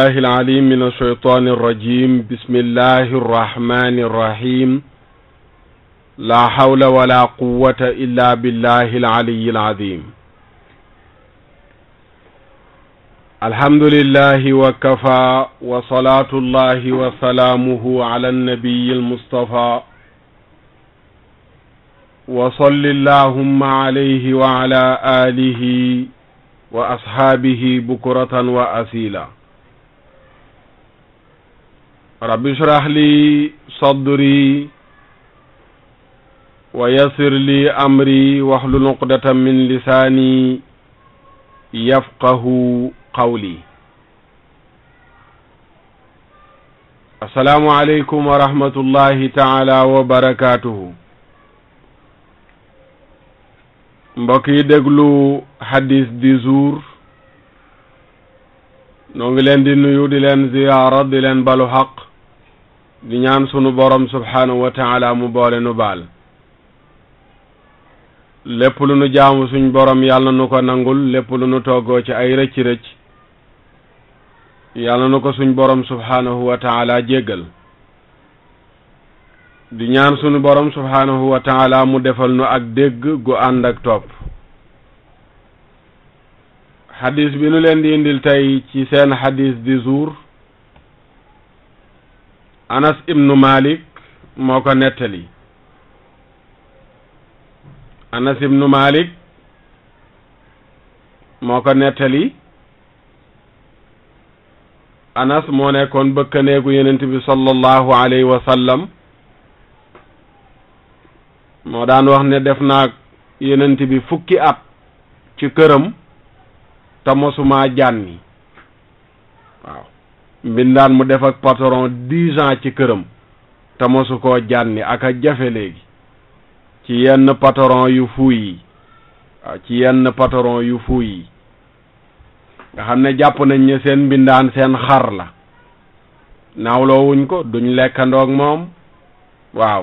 الله العليم من الشيطان الرجيم بسم الله الرحمن الرحيم لا حول ولا قوة إلا بالله العلي العظيم الحمد لله وكفى وصلاة الله وسلامه على النبي المصطفى وصل اللهم عليه وعلى آله وأصحابه بكرة وأسيلا rabbi israh li sadri wa yassir li amri wahlul uqdatan min lisaani yafqahu qawli assalaamu aleykum wa rahmatullahi taala wa barakatuhu mbokk yi déglu hadis di jour noo ngi leen di nuyu di leen ziyaara di leen balu xaq di ñaan sunu borom subhanahu wa taala mu boole nu baal lépp lu nu jaamu suñ borom yàlla nu ko nangul lépp lu nu toggoo ci ay rëcc-rëcc yàlla nu ko suñ borom subhanahu wa taala jéggal di ñaan sunu borom subhanahu wa taala mu defal nu ak dégg gu ànd ak topp xadis bi nu leen di indil tey ci seen xadis di jour anas ibnu malik moo ko nettali anas ibnu malik moo ko nettali anas moo nekkoon bëkkaneegu yenent bi sallallahu alayhi wa sallam moo daan wax ne def naa yenent bi fukki at ci këram te mosumaa jànni waaw mbindaan mu def ak patron dix ci këram te mosu koo jànni ak a jafe léegi ci yenn patron yu fuuy yi waaw ci yenn patron yu fuuy yi nga xam ne jàpp nañ ne seen mbindaan seen xar la naawloowuñ ko duñ lekkandoog moom waaw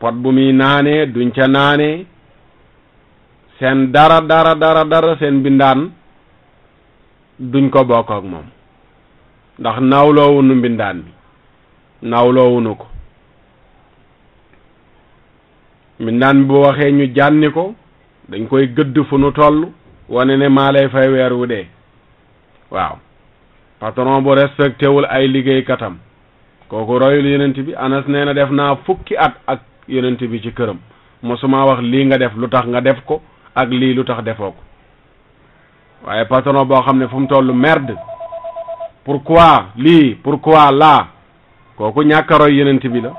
pot bu muy naanee duñ ca naanee seen dara dara dara dara seen mbindaan duñ ko bokk ak moom ndax nawloowunu mbindaan mi nawloowunu ko mbindaan bi bu waxee ñu jànni ko dañ koy gëdd fu nu toll wane ne maa lay fay weer wu dee waaw patron bu respecté wul ay liggéeykatam kooku royul yonent bi anas nee na def naa fukki at ak yonent bi ci këram mosumaa wax lii nga def lu tax nga def ko ak lii lu tax defoo ko waaye patron boo xam ne fu mu toll merde pour pourquoi lii pour pourquoi laa kooku ñàkk a roy yonent bi la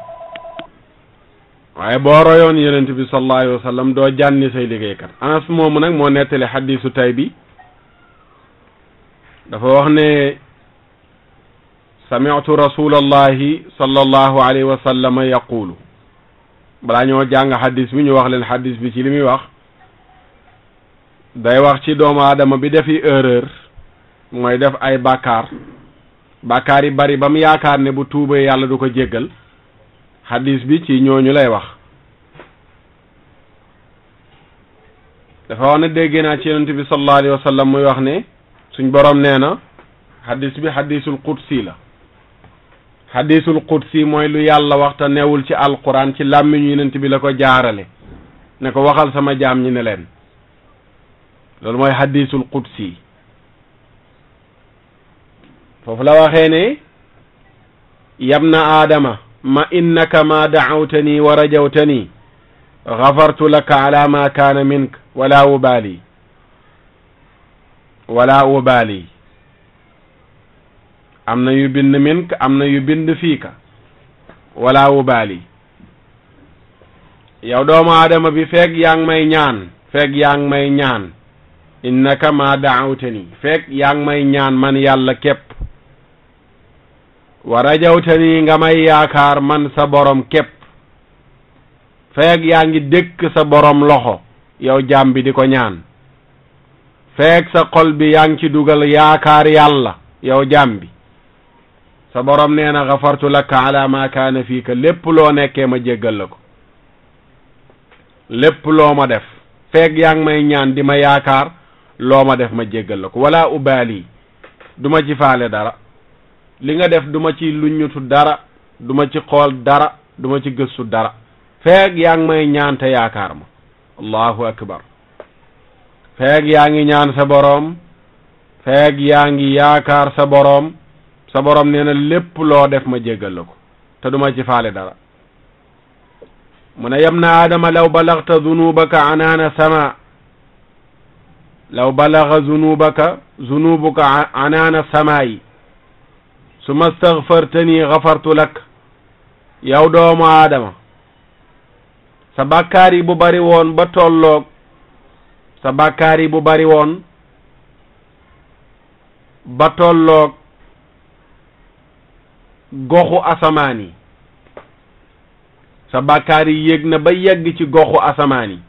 waaye boo royoon yonent bi sallallahu alayhi wa sallam doo jànni say liggéeykat anas moomu nag moo nettali xadiisu tay bi dafa wax ne sami'tu rasulallahi sallallahu alayhi wa balaa ñoo jàng xadis bi ñu wax leen xadis bi ci li muy wax day wax ci doomu aadama bi defi erreur mooy def ay bàkkaar baakaar yi bari ba mu yaakaar ne bu tuubee yàlla du ko jéggal xadis bi ci ñooñu lay wax dafa wax ne dégg naa ci yonent bi sallallahu alayhi wa sallam muy wax ne suñ boroom nee na xadis bi xadisul qudsi la xadisul qudsi mooy lu yàlla wax newul ci alquran ci làmmiñu yonent bi la ko jaarale ne ko waxal sama jaam ñi ne leen loolu mooy xadisul qudsi foofu la waxee ne yabna aadama ma innaka ma daawtani wa rajawtani gafartu laka ala ma kaana mink wala ubali wala ubali am na yu bind mink am na yu bind fiika wala ubali yow doomu aadama bi feeg yaa ngi may ñaan feeg yaa ngi may ñaan innaka ma daawtani feeg yaa ngi may ñaan man yàlla képp wa rajawtani nga may yaakaar man sa borom képp feeg yaa ngi dëkk sa borom loxo yow jaam bi di ko ñaan feeg sa xol bi yaa ngi ci dugal yaakaar yàlla yow jaam bi sa borom nee na xafartu laka ala ma fii ka lépp loo nekkee ma jéggal la ko lépp loo ma def feeg yaa ngi may ñaan di ma yaakaar loo ma def ma jéggal la ko wala ubaali du ma ci faale dara li nga def duma ci luññutu dara duma ci xool dara duma ma ci gëstu dara feek yaa ngi may ñaante yaakaar ma allahu akbar feeg yaa ngi ñaan sa boroom feeg yaa ngi yaakaar sa boroom sa boroom nee na lépp loo def ma jéggal la ko te duma ma ci faale dara mu ne yam na aadama law balagta zunubaka anaana sama law balaga zunubaka zunubuka anaana samaayi suma staxfartani xafartu lakk yow doomu aadama sa bàkkaar yi bu bari woon ba tolloog bu bari woon ba tolloog goxu asamaan yi sa bàkkaar yi yéeg na ba yegg ci goxu asamaan yi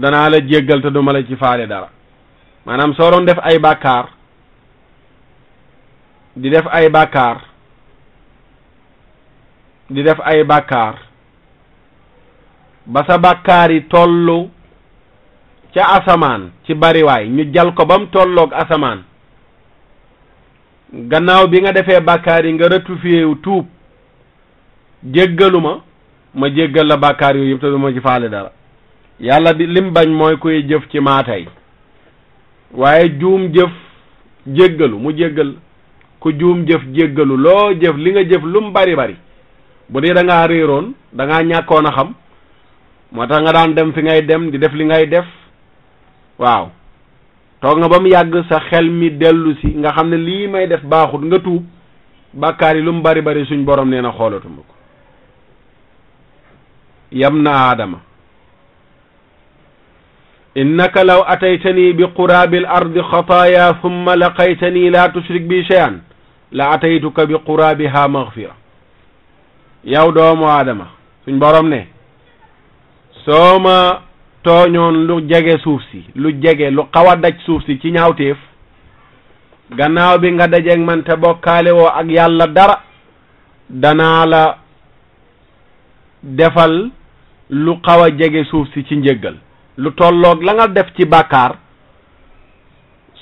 danaa la jéggal te duma la ci faale dara maanaam soo doon def ay bàkkaar di def ay bàkkaar di def ay bàkkaar ba sa bàkkaar yi tollu ca asamaan ci bariwaay ñu jal ko ba mu tolloog asamaan gannaaw bi nga defee bàkkaar yi nga retufiewu tuub jéggalu ma ma jéggal la bàkkaar yooyu yëpp te du ma ci faale dara yàlla di lim bañ mooy kuy jëf ci yi waaye juum jëf jéggalu mu jéggal ku juum jëf jéggalu loo jëf li nga jëf mu bari bari bu dee da ngaa réeroon ñàkkoon a xam moo tax nga daan dem fi ngay dem di def li ngay def waaw toog nga ba mu yàgg sa xel mi dellu si nga xam ne lii may def baaxut nga tuub bàkkaar lu mu bari bari suñ borom nee na xoolatuma ko yam na aadama innaka law ataytani bi quraabil ardi xataaya thumma laqaytani laa tushrik bi shay'an la ataytuka bi quraabiha maghfira yow doomu aadama suñ borom ne soo ma tooñoon lu jege suuf si lu jege lu xaw a daj suuf si ci ñaawteef gannaaw bi nga dajeeg mante te woo ak yàlla dara danaa la defal lu xaw a jege suuf si ci njëggal lu tolloog la nga def ci bàkkaar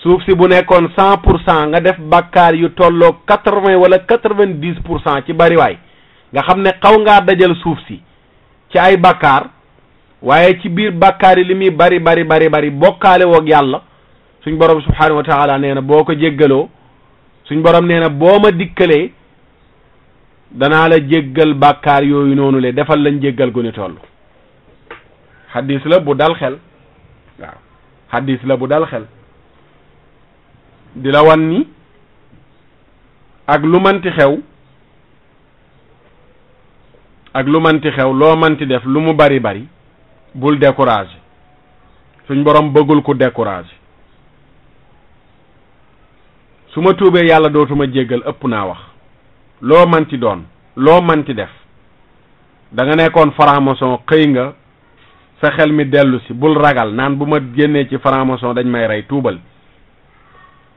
suuf si bu nekkoon cent pour cent nga def bàkkaar yu tolloo quatre vingt wala quatre vingt dix pour cent ci bariwaay nga xam ne xaw ngaa dajal suuf si ci ay bàkkaar waaye ci biir bàkkaar yi li muy bari bari bari bari bokkaale woog yàlla suñ borom subhaanahu wa taala nee na boo ko jéggaloo suñ boroom nee na boo ma dikkalee danaa la jéggal bàkkaar yooyu noonu le defal lañ jéggal gu ne toll xaddis la bu dal xel waaw xaddis la bu dal xel di la wan ni ak lu manti xew ak lu manti xew loo manti def lu mu bari bari bul découragé suñ borom bëggul ku découragé su ma tuubee yàlla dootuma jéggal ëpp naa wax loo manti doon loo manti def danga nekkoon franc xëy nga sa xel mi dellu si bul ragal naan bu ma génnee ci franc-maçon dañ may rey tuubal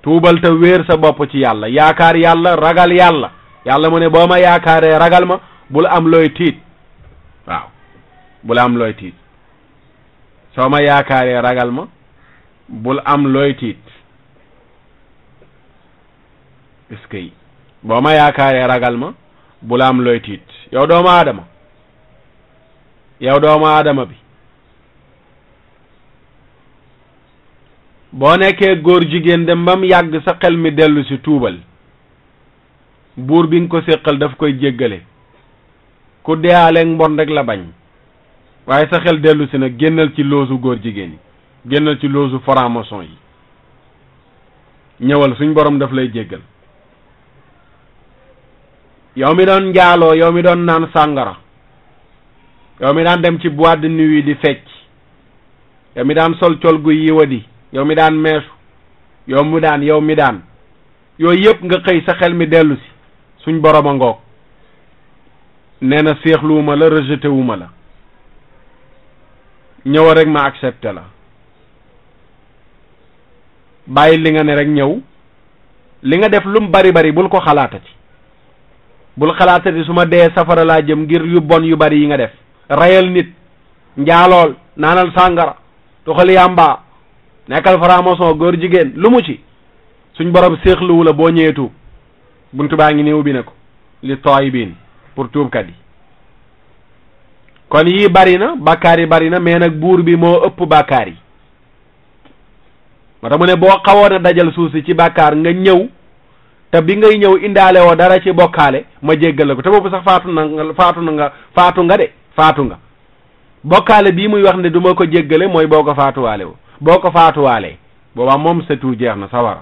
tuubal te weer sa bopp ci yàlla yaakaar yàlla ragal yàlla yàlla mu ne boo ma yaakaaree ragal ma bul am looy tiit waaw bul am looy tiit soo ma yaakaaree ragal ma bul am looy tiit est boo ma yaakaaree ragal ma bul am looy tiit yow doomu aadama yow doomu aadama bi boo nekkee góor jigéen dem ba mu yàgg sa xel mi dellu si tuubal buur bi nga ko séqal daf koy jéggale ku deyaaleeg mbon rek la bañ waaye sa xel dellusi na génnal ci loosu góor jigéen yi génnal ci loosu franc yi ñëwal suñ boroom daf lay jéggal yow mi doon njaaloo yow mi doon naan sàngara yow mi daan dem ci boîte de yi di fecc yow mi daan sol col gu yiwadi yow mi daan meesu yow mi daan yow mi daan yooyu yëpp nga xëy sa xel mi dellu si suñ borom ngoog nee na seexluwuma la rejeté wuma la ñëw rek ma accepté la bàyyi li nga ne rek ñëw li nga def lu mu bari bari bul ko xalaatati bul xalaatati su ma dee safara laa jëm ngir yu bon yu bari yi nga def rayal nit njaalool naanal sàngara tuxal yàmbaa nekkal franc góor jigéen lu mu ci suñ borom séexluwu la boo ñëwee tuub buntu baa ngi néew bi na ko li tooy biin pour tuubkat yi kon yi bari na bàkkaar yi bari na mais nag buur bi moo ëpp bakkaar yi moo tax mu ne boo xawoon a dajal suuf si ci bàkkaar nga ñëw te bi ngay ñëw indaale woo dara ci bokkaale ma jéggal la ko te bopp sax faatu na nga faatu na nga faatu nga de faatu nga bokkaale bii muy wax ne du ma ko jéggale mooy boo ko faatuwaale boo ko faatuwaalee booba moom sa jeex na sawara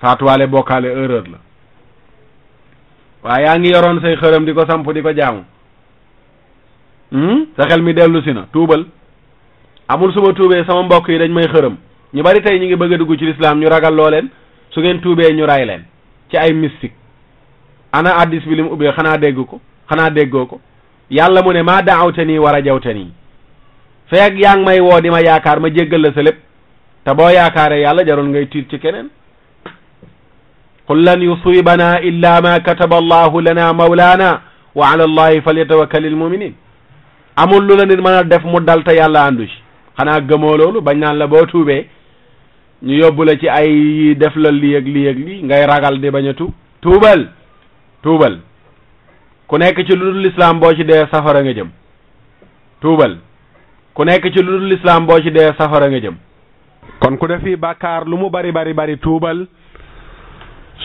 faatuwaale bokkaale erreur la waaye yaa ngi yoroon say xërëm di ko samp di ko jaamu hmm? sa xel mi dellusi na tuubal amul su ma tuubee sama mbokk yi dañ may xërëm ñu bari tey ñu ngi bëgg a dugg ci lislaam ñu ragal loo leen su ngeen tuubee ñu ray leen ci ay mystique ana addis bi li mu ubbee xanaa dégg ko xanaa déggoo ko yàlla mu ne maa daawte nii war a jawte nii feeg yaa ngi may woo di ma yaakaar ma jéggal la sa lépp te boo yaakaaree yàlla jarul ngay tiit ci keneen qul lan yusibanaa illa ma kataba allahu lana mawlaana wa ala allahi falyatawakkal almuminin amul lu la nit mën a def mu dal yàlla àndu xanaa gëmoo loolu bañ naan la boo tuubee ñu yóbbu la ci ay def la lii ak lii ngay ragal di bañ tuub tuubal tuubal ku nekk ci lu dul lislaam boo ci dee safara nga jëm tuubal ku nekk ci lu dul lislaam boo ci dee safara nga jëm kon ku defi bàkkaar lu mu bari bari bari tuubal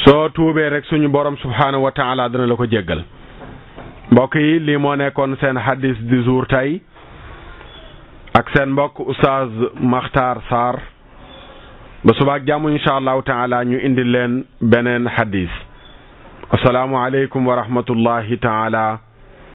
soo tuubee rek suñu boroom subhaanahu wa dana la ko jéggal mbokk yi lii moo nekkoon seen hadis du jour tey ak seen mbokk oustaz Makhtar Sarr ba subaak jàmm incha allahu taala ñu indi leen beneen hadis asalaamualeykum wa rahmatullahi taala